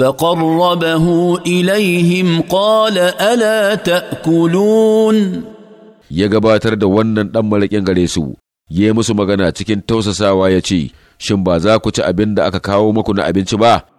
فقربه إليهم قال ألا تأكلون ya gabatar da wannan ɗan malakin gare su ya yi musu magana cikin tausasawa ya ce shin ba za ku ci abin da aka kawo muku na abinci ba